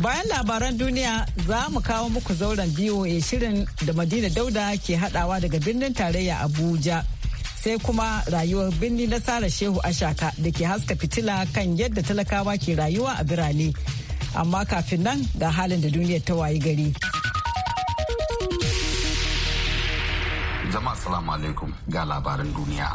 Bayan labaran duniya za mu kawo muku zauren BOA shirin da Madina Dauda ke hadawa daga birnin tarayya Abuja. Sai kuma rayuwar birni na Sara Shehu Ashaka da ke haska fitila kan yadda talakawa ke rayuwa a birane. Amma kafin nan ga halin da duniyar ta wayi gari. Jama'a salamu alaikum ga labaran duniya.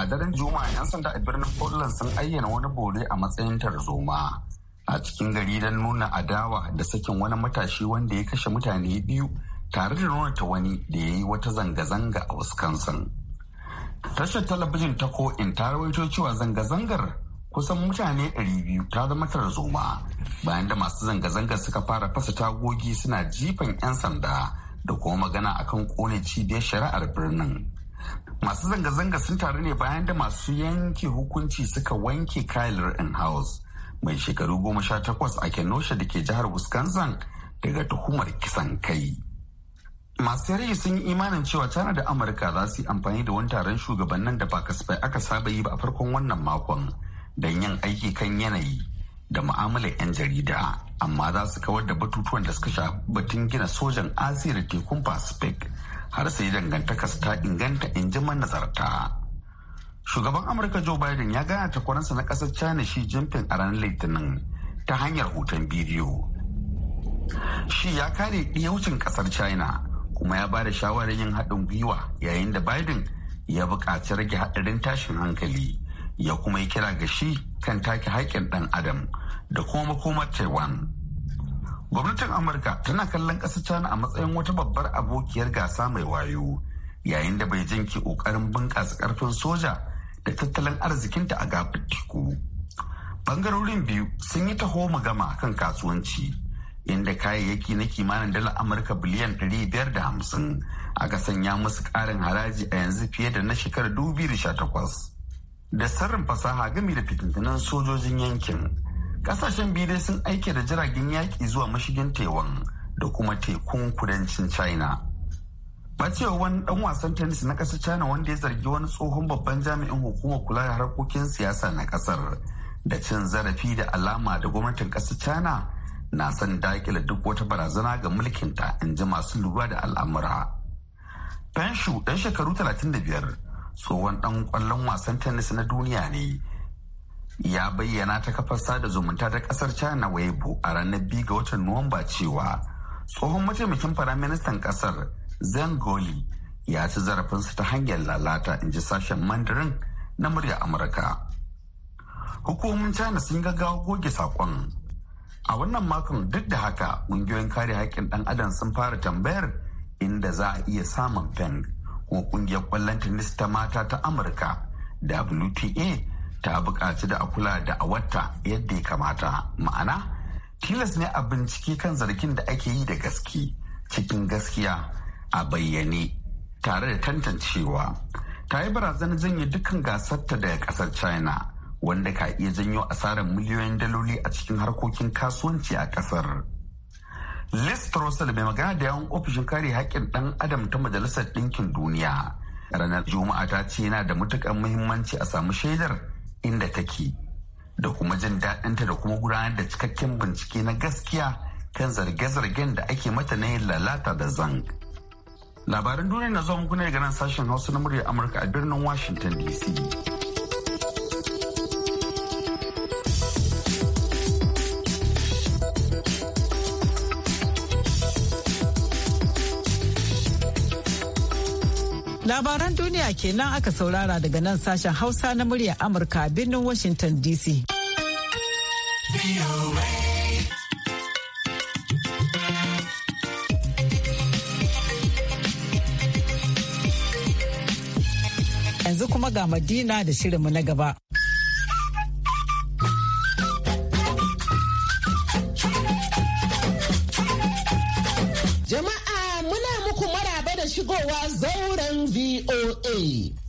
A daren Juma'a 'yan sanda a birnin Portland sun ayyana wani bore a matsayin tarzoma. a cikin gari don nuna adawa da sakin wani matashi wanda ya kashe mutane biyu tare da nuna ta wani da ya yi wata zanga-zanga a Wisconsin. Tashar talabijin ta ko'in ta rawaito cewa zanga-zangar kusan mutane 200 ta zama tarzoma bayan da masu zanga-zangar suka fara fasa tagogi suna jifan 'yan sanda da kuma magana akan kone cibiyar shari'ar birnin. Masu zanga-zanga sun taru ne bayan da masu yanke hukunci suka wanke Kyler in-house mai shekaru goma sha takwas a kenosha da ke jihar wisconsin daga tuhumar kisan kai masu yari sun yi imanin cewa tana da amurka za su yi amfani da wani taron shugabannin da ba kasafai aka saba yi ba a farkon wannan makon don yin aiki kan yanayi da mu'amalar 'yan jarida amma za su kawar da batutuwan da suka sha batun gina sojan asiya da tekun pacific har sai dangantaka ta inganta in ji nazarta Shugaban Amurka Joe Biden ya gana takwaransa na kasar China shi Jinping a ranar Litinin ta hanyar hoton bidiyo. Shi ya kare ɗiyaucin kasar China kuma ya bada shawarar yin haɗin gwiwa yayin da Biden ya buƙaci rage haɗarin tashin hankali ya kuma yi kira ga shi kan take haƙƙin ɗan adam da kuma makomar Taiwan. Gwamnatin Amurka tana kallon ƙasar China a matsayin wata babbar abokiyar gasa mai wayo yayin da bai jinki ƙoƙarin bunƙasa ƙarfin soja da tattalin arzikinta a gabar teku. Bangarorin biyu sun yi taho mu gama kan kasuwanci inda kayayyaki na kimanin dala Amurka biliyan biyar da 550 aka sanya musu ƙarin haraji a yanzu fiye da na shekarar 2018. Da sarrin fasaha gami da fitintunan sojojin yankin, kasashen biyu dai sun aike da jiragen yaƙi zuwa mashigin Taiwan da kuma tekun kudancin China. Bacewa wani dan wasan tennis na kasar China wanda ya zargi wani tsohon babban jami'in hukumar kula da harkokin siyasa na kasar, da cin zarafi da alama da gwamnatin kasar China na son dakila duk wata barazana ga mulkinta in ji masu lura da al'amura. Fenshu ɗan shekaru 35 tsohon ɗan ƙwallon wasan tennis na duniya ne ya bayyana ta kafar sada zumunta ta ƙasar China Weibo a ranar 2 ga watan Nuwamba cewa tsohon mataimakin firaministan kasar. zangoli ya ci zarafinsu ta hanyar lalata in ji sashen mandarin na murya amurka hukumomin china sun gaggawa goge saƙon a wannan makon duk da haka ƙungiyoyin kare haƙƙin ɗan adam sun fara tambayar inda za a iya samun peng ko ƙungiyar kwallon tennis ta mata ta amurka wta ta buƙaci da a kula da a wata yadda ya kamata ma'ana tilas ne a bincike kan zargin da ake yi da gaske cikin gaskiya a bayyane tare da tantancewa ta yi barazanar janye dukkan gasarta daga kasar china wanda ka iya janyo asarar miliyoyin daloli a cikin harkokin kasuwanci a kasar liz trussell mai magana da yawan ofishin kare haƙƙin ɗan adam ta majalisar ɗinkin duniya ranar juma'a ta ce yana da matuƙar muhimmanci a samu shaidar inda take da kuma jin daɗinta da kuma gudanar da cikakken bincike na gaskiya kan zarge-zargen da ake mata na yin lalata da zang. Labaran duniya na zuwa muku ne ganin sashen Hausa na muryar Amurka a birnin Washington DC. Labaran duniya kenan aka saurara daga nan sashen Hausa na muryar Amurka a birnin Washington DC. yanzu kuma ga Madina da shirinmu na gaba. Jama'a muna muku maraba da shigowa zauren VOA.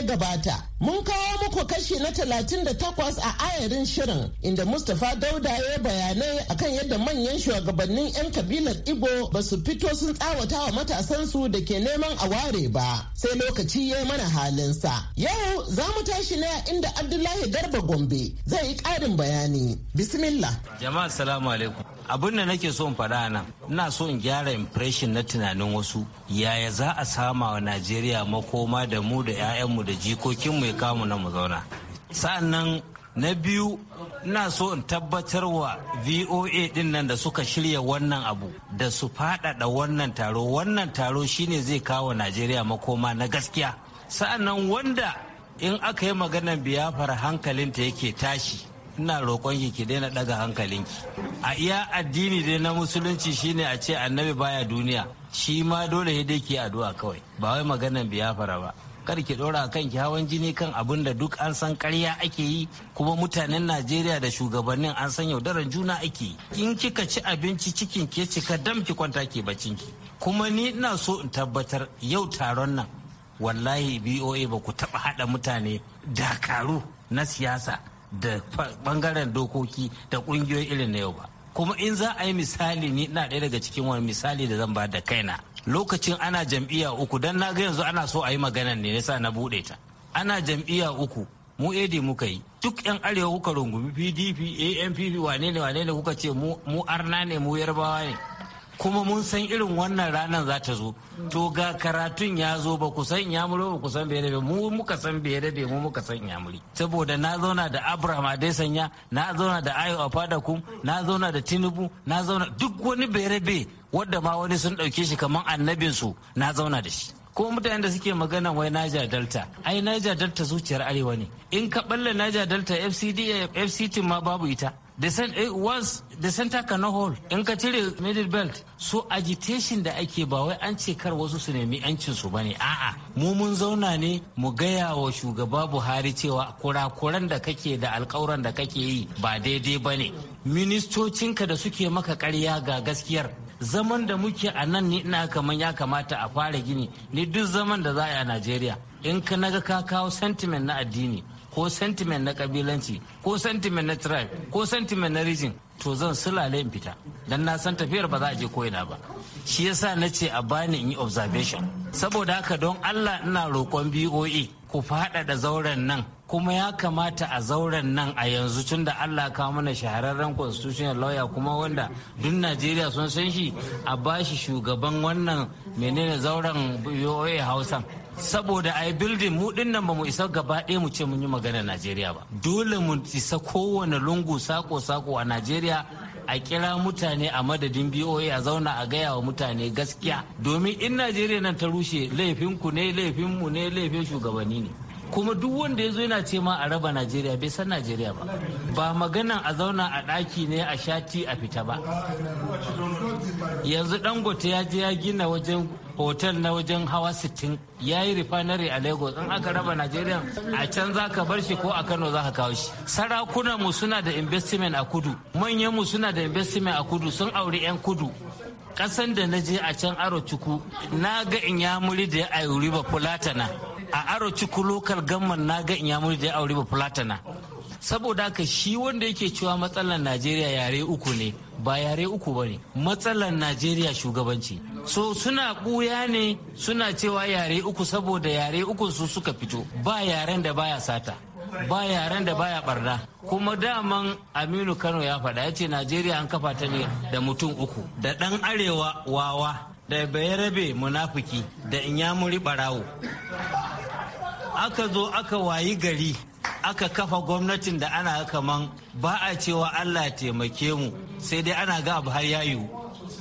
ya gabata. Mun kawo muku kashi na 38 a ayarin shirin inda Mustapha Dauda ya bayanai akan yadda manyan shugabannin 'yan kabilar Igbo ba su fito sun tsawata wa matasansu da ke neman a ware ba. Sai lokaci ya mana halinsa. Yau za mu tashi ne inda Abdullahi Garba Gombe zai yi ƙarin bayani. Bismillah. Jama'a salamu alaikum. abin da nake so in faɗa nan ina so in gyara impression na tunanin wasu yaya za a sama wa najeriya makoma da mu da mu da jikokin mu ya kamu na mu zauna sa'an nan na biyu ina so in tabbatar wa voa din nan da suka shirya wannan abu da su faɗaɗa wannan taro wannan taro shine zai kawo najeriya makoma na gaskiya sa'an nan wanda in aka yi maganar biyafar hankalinta yake tashi ina roƙon ki ki daina daga ki a iya addini dai na musulunci shine a ce annabi baya duniya shi ma dole dai ki addu'a kawai ba wai maganan biyafara ba kar ki dora kan ki hawan jini kan abin da duk an san karya ake yi kuma mutanen najeriya da shugabannin an san yaudaran juna ake yi in kika ci abinci cikin ke cika dam ki kwanta ke bacin ki kuma ni ina so in tabbatar yau taron nan wallahi boa ba ku taba hada mutane dakaru na siyasa da bangaren dokoki da kungiyoyi irin na yau ba kuma in za a yi misali ni ina ɗaya daga cikin wani misali da zan ba da kaina lokacin ana jam'iyya uku dan na ga yanzu ana so a yi maganan ne nisa na buɗe ta ana jam'iyya uku mu edi muka yi duk yan arewa kuka rungumi pdp ampp wane ne wane ne kuka ce mu arna ne mu yarbawa ne kuma mun san irin wannan ranar za ta zo to ga karatun ya zo ba ku san ya yamuri ba ku san bai rabe mu muka san bai rabe mu muka san ya muri. saboda na zauna da abraham adesanya na zauna da ayo afadakum na zauna da tinubu na zauna duk wani bai rabe wadda ma wani sun ɗauke shi kaman annabin su na zauna da shi ko mutanen da suke magana wai Niger Delta ai Niger Delta zuciyar arewa ne in ka balle Niger Delta FCD FCT ma babu ita Eh, the center, it was the center can hold in ka cire middle belt so agitation da ake ba wai an ce kar wasu su nemi yancin su bane a'a mu mun zauna ne mu gaya wa shugaba Buhari cewa kurakuran da kake da alƙawuran da kake yi ba daidai bane ministocinka da suke maka ƙarya ga gaskiyar zaman da muke a nan ni ina kaman ya kamata a fara gini ni duk zaman da za a yi a Najeriya in ka naga ka kawo sentiment na addini ko sentiment na kabilanci ko sentiment na tribe ko sentiment na region to zan sulale in fita dan na san tafiyar ba za a je koyina ba shi yasa na ce a bani in yi observation saboda haka don allah ina roƙon boe ku faɗaɗa zauren nan kuma ya kamata a zauren nan a yanzu tun da allah kawo mana shahararren constitutional lawyer kuma wanda duk najeriya sun san shi a bashi shugaban wannan menene zauren boe hausan saboda a yi bildin mu dinnan ba mu isa gaba ɗaya mu ce mun yi magana najeriya ba dole mu isa kowane lungu sako-sako a najeriya a kira mutane a madadin BOA a zauna a gaya wa mutane gaskiya domin in Najeriya nan ta rushe laifinku ne laifinmu ne laifin shugabanni ne kuma duk wanda ya zo yana ce ma a raba najeriya bai san najeriya ba ba maganan a zauna a ɗaki ne a shati a fita ba yanzu dangote ya je ya gina wajen hotel na wajen hawa 60 ya yi refinery a lagos in aka raba najeriya a can za ka bar shi ko a kano za ka kawo shi sarakuna mu suna da investment a kudu manyan mu suna da investment a kudu sun auri 'yan kudu kasan da na je a can aro cuku na ga in ya muri da ya auri ba fulatana a aro cikin lokal gamman na ga inyamuri da ya aure ba platana, saboda haka shi wanda yake cewa matsalar najeriya yare uku ne ba yare uku ba ne matsalar najeriya shugabanci so suna ɓuya ne suna cewa yare uku saboda yare uku su suka fito ba yaren da baya sata ba yaren da baya barna kuma daman aminu kano ya faɗa ya ce najeriya an kafa ta ne da mutum uku da ɗan arewa wawa da bayarabe munafuki da inyamuri ɓarawo aka zo aka wayi gari aka kafa gwamnatin da ana kaman ba a cewa Allah taimake mu sai dai ana ga abu har yayu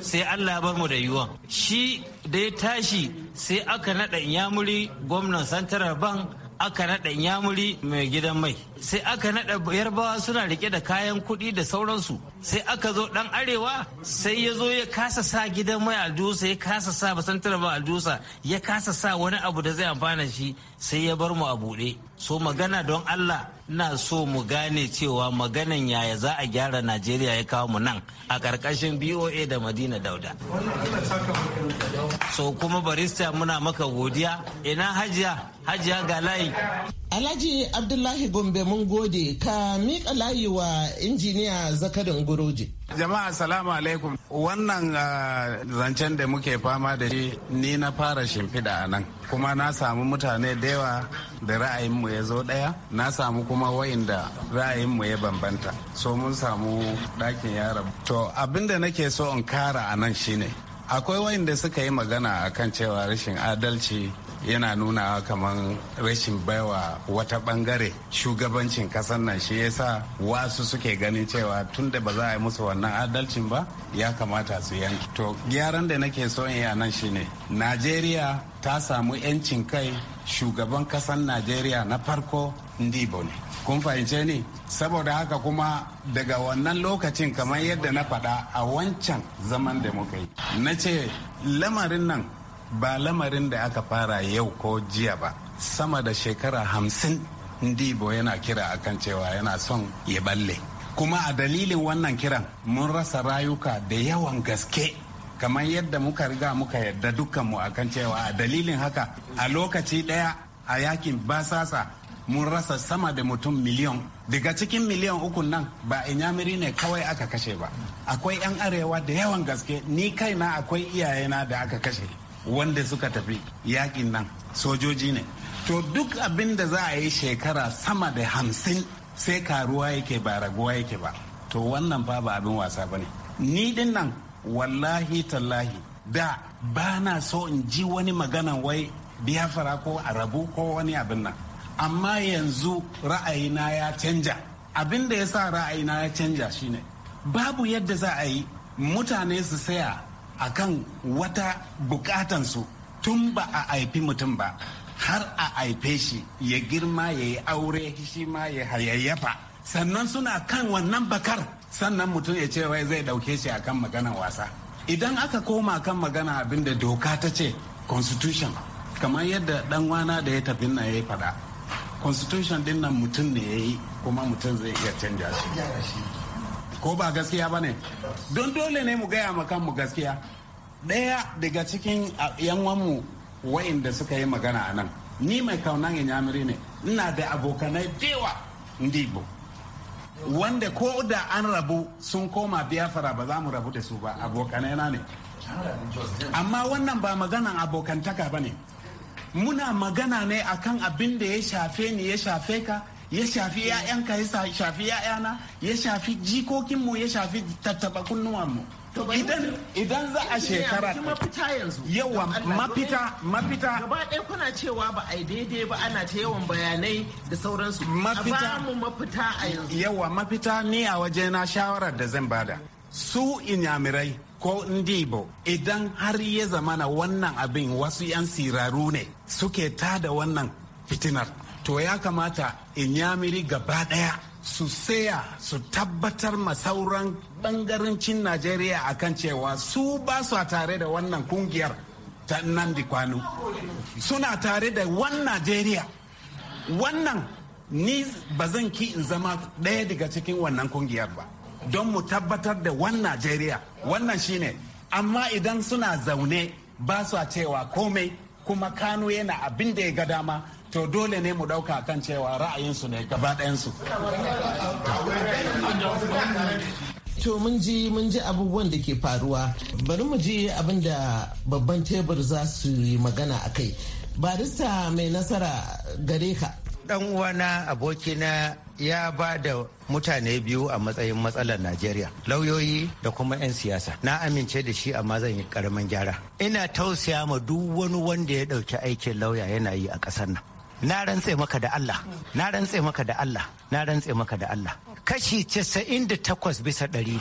sai Allah bar mu da yuwan shi da ya tashi sai aka naɗa muri gwamnan santarar ban aka naɗa yamuri mai gidan mai sai aka naɗa yarbawa suna rike da kayan kuɗi da sauransu sai aka zo ɗan arewa sai ya zo ya kasa sa gidan mai aljusa ya kasa sa basantar ba aljusa ya kasa sa wani abu da zai amfana shi sai ya bar mu a buɗe so magana don allah na so mu gane cewa maganan yaya za a gyara najeriya ya kawo mu nan a ƙarƙashin boa da madina dauda so kuma barista muna maka godiya ina hajiya hajiya ga layi alhaji abdullahi gombe mun gode ka miƙa layi wa injiniya zakarin guroji jama'a salamu alaikum wannan ah, zancen da muke fama da shi ni na fara shimfiɗa a nan kuma na samu mutane da yawa da ra'ayinmu ya zo ɗaya na samu kuma kuma wayanda mu ya bambanta so mun samu ɗakin yaron to abinda nake so in kara a nan shine akwai wayanda suka yi magana akan cewa rashin adalci yana nuna kamar rashin baiwa wata bangare shugabancin kasar nan shi yasa wasu suke ganin cewa tun da ba za a yi musu wannan adalcin ba ya kamata su yanki to gyaran da nake so in yi nan shine najeriya ta samu 'yancin kai shugaban kasar najeriya na farko ndibo ne kun fahimce ni saboda haka kuma daga wannan lokacin kamar yadda na faɗa a wancan zaman da muka yi na ce lamarin nan ba lamarin da aka fara yau ko jiya ba sama da shekara hamsin ndibo yana kira akan cewa yana son ya balle kuma a dalilin wannan kiran mun rasa rayuka da yawan gaske kamar yadda muka riga muka yadda dukkanmu akan cewa a dalilin haka a lokaci daya a yakin basasa mun rasa sama da mutum miliyan daga cikin miliyan uku nan ba inyamiri ne kawai aka kashe ba akwai 'yan arewa da yawan gaske ni kaina akwai iyayena da aka kashe wanda suka tafi yakin nan sojoji ne to duk abin da za a yi shekara sama da hamsin sai karuwa yake ba raguwa yake ba to wannan fa ba abin wasa ba ne ni din nan wallahi tallahi da ba na so in ji wani magana wai biyafara ko a rabu ko wani abin nan amma yanzu ra'ayina ya canja abin da ya sa ra'ayina ya canja shine babu yadda za a yi mutane su saya akan wata bukatansu tun ba a aifi mutum ba har a aife shi ya girma ya yi aure shi ma ya hayayyafa sannan suna kan wannan bakar sannan mutum ya ce wai zai dauke shi akan maganan wasa idan aka koma kan magana abin da doka ta ce constitution kamar yadda dan wana da ya tafi na ya faɗa fada constitution din nan mutum ne ya yi kuma mutum zai iya canja shi ko ba gaskiya ba ne don dole ne mu gaya ma kanmu gaskiya ɗaya daga cikin yanwanmu wa'inda suka yi magana a nan ni mai kaunan yamiri ne ina da abokanai dewa ndibo wanda ko da an rabu sun koma biyafara ba za mu rabu da su ba abokanai na ne amma wannan ba maganan abokantaka ba ne muna magana ne akan abin da ya shafe ni ya shafe ka ya shafi ‘ya'yanka ya shafi ‘ya'yana ya shafi jikokinmu ya shafi tattaba kunnuwanmu idan za a shekara yawa mafita mafita gaba ɗaya kuna cewa ba a daidai ba ana ta yawan bayanai da sauransu mafita mu mafita a yanzu yawa mafita ni a waje na shawarar da zan bada su inyamirai ko ndibo idan har ya zamana wannan abin wasu 'yan siraru ne suke tada wannan fitinar to ya kamata in yamiri gaba daya su saya su tabbatar ma sauran bangarancin najeriya akan cewa su ba su tare da wannan kungiyar ta nandi kwano suna tare da wan najeriya wannan ni ba zan ki in zama ɗaya daga cikin wannan kungiyar ba don mu tabbatar da wan najeriya wannan shine amma idan suna zaune ba su cewa komai kuma kano yana abin da ya ga dama to dole ne mu dauka kan cewa ra'ayinsu ne gaba ɗayansu. To mun ji mun ji abubuwan da ke faruwa bari mu ji abin da babban tebur za su yi magana a kai. Barista mai nasara gare ka. Dan uwana abokina ya ba da mutane biyu a matsayin matsalar Najeriya lauyoyi da kuma 'yan siyasa na amince da shi amma zan yi karamin gyara ina tausaya ma duk wani wanda ya ɗauki aikin lauya yana yi a ƙasar nan na rantse maka da Allah na rantse maka da Allah na rantse maka da Allah kashi 98 bisa ɗari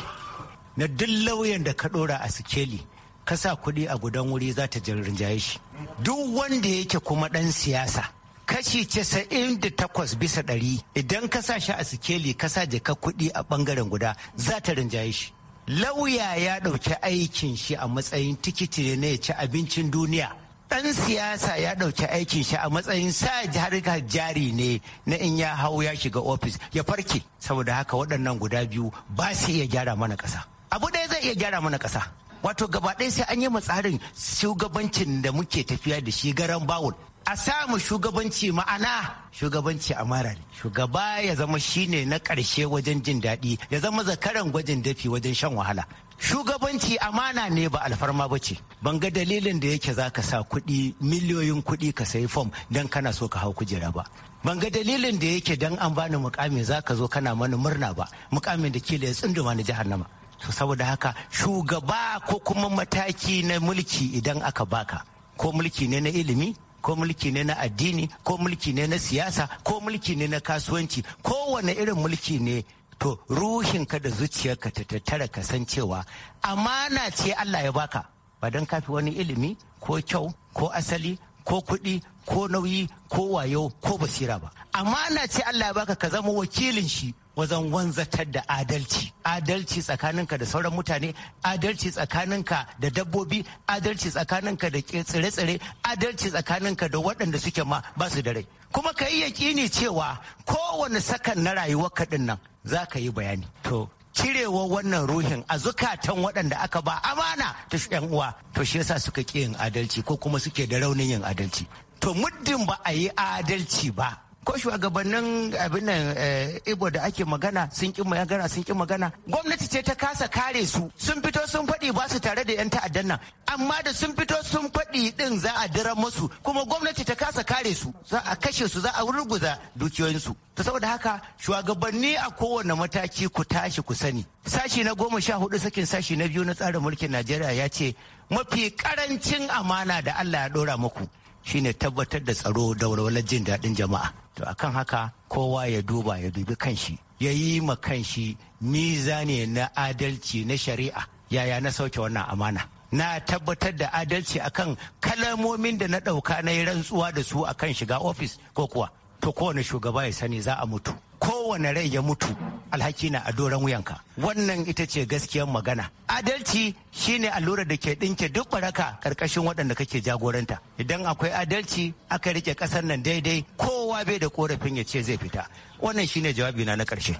na duk lauyan da ka ɗora a sikeli ka sa kuɗi a gudan wuri za ta rinjaye shi duk wanda yake kuma ɗan siyasa kashi 98 bisa ɗari idan ka sa shi a sikeli ka sa jaka kuɗi a ɓangaren guda za ta rinjaye shi lauya ya ɗauki aikin shi a matsayin tikiti ne na ya ci abincin duniya dan siyasa ya ɗauki aikin shi a matsayin sa harkar jari ne na in ya hau ya shiga ofis ya farke saboda haka waɗannan guda biyu ba su iya gyara mana ƙasa abu ɗaya zai iya gyara mana ƙasa wato gaba ɗaya sai an yi matsarin shugabancin da muke tafiya da shi garan bawul a samu shugabanci ma'ana shugabanci amara ne shugaba ya zama shine na ƙarshe wajen jin daɗi ya zama zakaran gwajin dafi wajen shan wahala shugabanci amana ne ba alfarma ba ce ban ga dalilin da yake za ka sa kuɗi miliyoyin kuɗi ka sayi fom don kana so ka hau kujera ba ban ga dalilin da yake don an bani mukami za ka zo kana mana murna ba mukamin da kila ya tsunduma ni jahannama to saboda haka shugaba ko kuma mataki na mulki idan aka baka ko mulki ne na ilimi ko mulki ne na addini ko mulki ne na siyasa ko mulki ne na kasuwanci ko wane irin mulki ne to ruhin ka da zuciyarka ta tattara cewa amana ce Allah ya baka ba don kafi wani ilimi ko kyau ko asali ko kuɗi ko nauyi ko wayo ko basira ba amana ce Allah ya baka ka zama wakilin shi wajen wanzatar da adalci adalci tsakaninka da sauran mutane adalci tsakaninka da dabbobi adalci tsakaninka da tsire-tsire adalci tsakaninka da waɗanda suke ma ba su da rai kuma ka yi yaƙini cewa kowane sakan na rayuwar kaɗin nan za ka yi bayani to cirewa wannan ruhin a zukatan waɗanda aka ba amana ta yan uwa to shi yasa suka ƙi yin adalci ko kuma suke da raunin yin adalci to muddin ba a yi adalci ba ko shugabannin abin nan eh, ibo da ake magana sun ƙi magana sun ƙi magana gwamnati ce ta kasa kare su sun fito sun faɗi ba su tare da yan ta'addan nan amma da sun fito sun faɗi din za a dira musu kuma gwamnati ta kasa kare su za a kashe su za a ruguza dukiyoyinsu ta saboda haka shugabanni a kowane mataki ku tashi ku sani sashi na goma sha hudu sakin sashi na biyu na tsarin mulkin najeriya ya ce mafi karancin amana da allah ya dora muku shine tabbatar da tsaro da walwalar jin daɗin jama'a to akan haka kowa ya duba ya dubi kanshi ya yi ma kanshi mizani na adalci na shari'a yaya na sauke wannan amana na tabbatar da adalci akan kalamomin da na ɗauka na yi rantsuwa da su akan shiga ofis ko kuwa to kowane shugaba ya sani za a mutu kowane rai ya mutu alhaki na a doron wuyanka wannan ita ce gaskiyar magana adalci shine allura da ke dinke duk baraka karkashin waɗanda kake jagoranta idan akwai adalci aka rike ƙasar nan daidai kowa bai da korafin ya ce zai fita wannan shine na na ƙarshe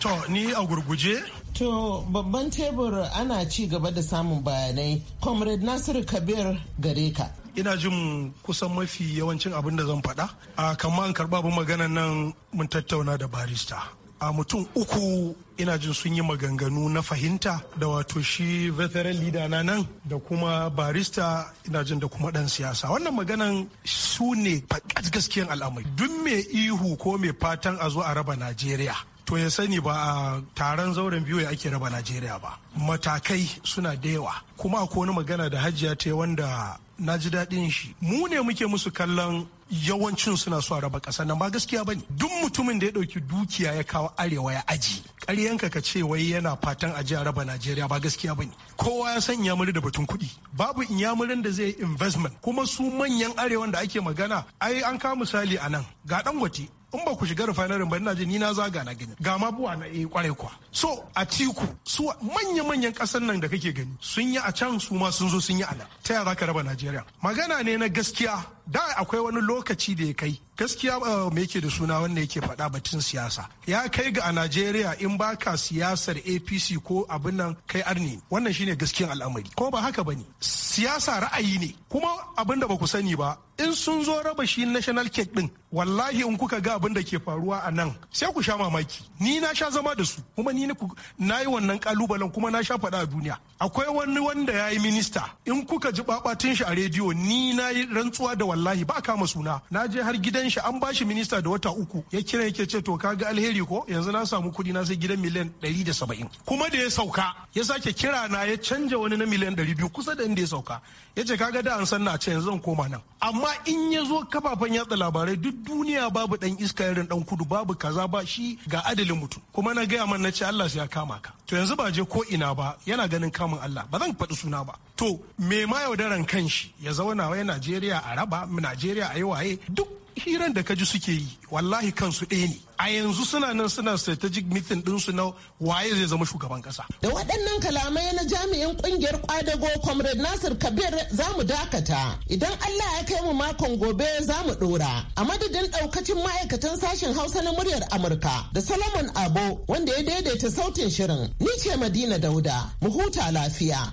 to ni a gurguje To babban tebur ana ci gaba da samun bayanai. Comrade Nasiru Kabir gare ka. ina jin kusan mafi yawancin abin da zan faɗa a kama an karɓa abin maganan nan mun tattauna da barista a mutum uku ina jin sun yi maganganu na fahimta da wato shi veteran leader na nan da kuma barista ina jin da kuma dan siyasa wannan maganan su ne fakat gaskiyan al'amari duk mai ihu ko mai fatan a zo a raba najeriya to ya sani ba a taron zauren biyu ya ake raba najeriya ba matakai suna da yawa kuma akwai wani magana da hajiya ta wanda na ji daɗin shi mu ne muke musu kallon yawancin suna so a raba ƙasa nan ba gaskiya ba ne duk mutumin da ya ɗauki dukiya ya kawo arewa ya aji ƙaryanka ka ce wai yana fatan a ji a raba Najeriya ba gaskiya ba ne. Kowa ya san yamuri da batun kuɗi. Babu inyamurin da zai investment kuma su manyan arewan da ake magana ai an ka misali anan nan ga Dangote in ba ku shiga refinery ba ina ji ni na zaga na gani ga ma buwa na eh kware kwa so a tiku su manya-manyan kasan nan da kake gani sun yi a can su ma sun zo sun yi ala ta yaya ka raba najeriya magana ne na gaskiya da akwai wani lokaci da ya kai gaskiya eh, me yake da suna wanda yake faɗa batun siyasa ya kai ga a najeriya in baka siyasar apc ko abin nan kai arni wannan shine gaskiyan al'amari ko ba haka bane siyasa ra'ayi ne kuma abin da ba ku sani ba in sun zo raba shi national cake din wallahi in kuka ga abin da ke faruwa a nan sai ku sha mamaki ni na sha zama da su kuma ni na yi wannan kalubalen kuma na sha faɗa a duniya akwai wani wanda ya yi minista in kuka ji babatin shi a rediyo ni na yi rantsuwa da wallahi ba kama suna na je har gidan shi an bashi minista da wata uku ya kira yake ce to ka ga alheri ko yanzu na samu kuɗi na sai gidan miliyan ɗari da saba'in kuma da ya sauka ya sake kira na ya canja wani na miliyan ɗari biyu kusa da inda ya sauka ya ce kaga da an san na ce yanzu zan koma nan amma in ya zo kafafen yatsa labarai duk duniya babu dan iska irin dan kudu babu kaza ba shi ga adalin mutum kuma na gaya man na ce Allah sai ya kama ka to yanzu ba je ko ina ba yana ganin kamun Allah ba zan faɗi suna ba to me ma yaudaran kanshi ya zauna wai Najeriya a raba Najeriya a yi waye duk hiran da kaji suke yi wallahi kansu ɗaya ne a yanzu suna nan suna strategic meeting ɗinsu na waye zai zama shugaban kasa. da waɗannan kalamai na jami'in ƙungiyar kwadago comrade nasir kabir za mu dakata idan allah ya kai mu makon gobe za mu ɗora a madadin ɗaukacin ma'aikatan sashen hausa na muryar amurka da solomon abo wanda ya daidaita sautin shirin ni ce madina dauda mu huta lafiya.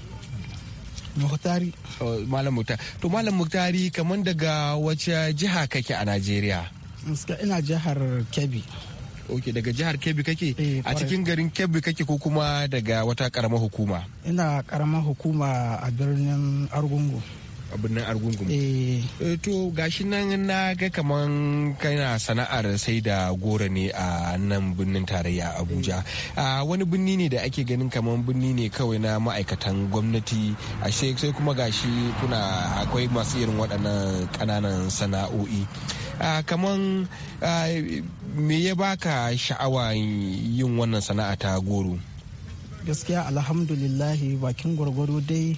muktari. malam Muktari. to malam muktari kamar daga wace jiha kake a najeriya ina jihar kebbi ok daga jihar kebbi kake eh, a cikin garin kebbi kake ko kuma daga wata karamar hukuma ina karamar hukuma a birnin argungu birnin argungun eh. Eh, to gashi nan na ga kaman kana sana'ar sai da goro ne a nan birnin tarayya abuja a wani birni ne da ake ganin kaman birni ne kawai na ma'aikatan gwamnati ashe sai kuma gashi kuna akwai masu irin waɗannan ƙananan sana'o'i kaman me ya baka sha'awa yin wannan sana'a ta goro gaskiya alhamdulillahi bakin gwargwaro dai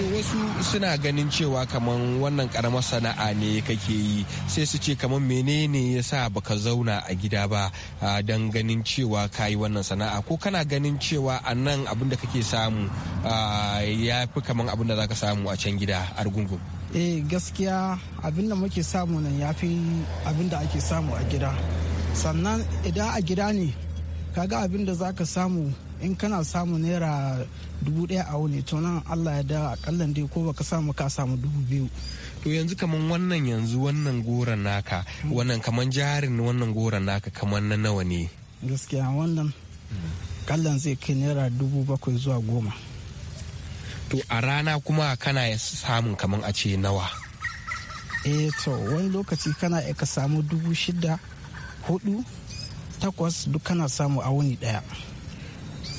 to wasu suna ganin cewa kaman wannan karamar sana'a ne kake yi sai su ce kaman menene ya sa baka zauna a gida ba don ganin cewa ka yi wannan sana'a ko kana ganin cewa a nan abin kake samu ya fi kaman abin da zaka samu a can gida a rugungun eh gaskiya abin muke samu nan ya fi abin ake samu a gida sannan idan a gida ne kaga abin da zaka samu in kana samu naira dubu ɗaya a wuni to allah ya da akalla dai ko baka samu ka samu dubu biyu to yanzu kaman wannan yanzu wannan goron naka wannan kaman jarin wannan goron naka kaman na nawa ne gaskiya wannan kallon zai kai naira dubu bakwai zuwa goma to a rana kuma kana samun kaman a ce nawa eh to wani lokaci kana ka samu dubu shida hudu takwas duk kana samu a wuni daya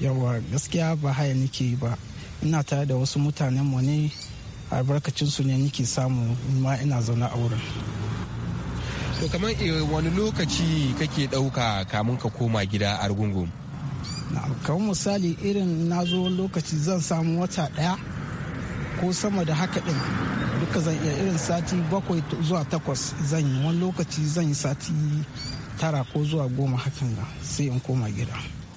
yawa gaskiya ba haya nike yi ba ina tare da wasu mutanen mu ne albarkacinsu ne nike samu ma ina zaune a wurin to kamar eh, wani lokaci kake ɗauka kamun ka koma gida a rugungun kamar misali irin na zo lokaci zan samu wata ɗaya ko sama da haka ɗin duka zan iya irin sati bakwai zuwa takwas zan yi wani lokaci zan yi sati tara ko zuwa goma hakan sai in koma gida